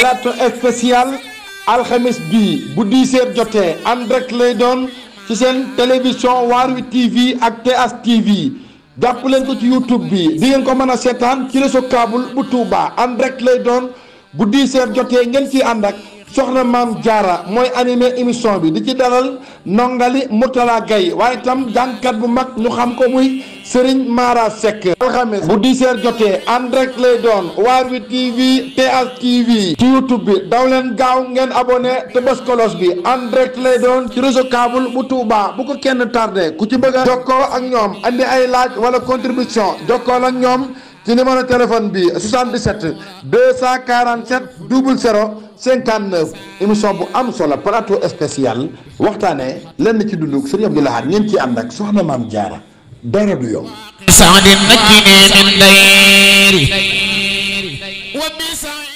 plateau spécial alxames bi bu 10 jotee en direct lay doon ci seen télévision waar wi TV ak TH TV jàpp leen ko ci YouTube bi di ngeen ko mën a seetaan ci réseau câble bu Touba en direct lay doon bu 10h jotee ngeen ciy ànd ak. soxna maam jaara mooy animé émission bi di ci dalal nongali Moutala Gaye waaye itam jàngkat bu mag ñu xam ko muy Serigne Mara Seck alxames bu 10h jotee en direct lay doon Waarwi TV TH TV ci YouTube bi daw leen gaaw ngeen abone te bës kolos bi en direct lay doon ci réseau câble bu Touba bu ko kenn tardé ku ci bëgg a jokkoo ak ñoom andi ay laaj wala contribution jokkoo ak ñoom ci numéro téléphone bi 77 247 00 59 émission bu am solo plateau spécial waxtaanee lenn ci dundug Serigne la Lahad ngeen ci ànd ak soxna maam Jaara dara du yomb saadin najjini min dayri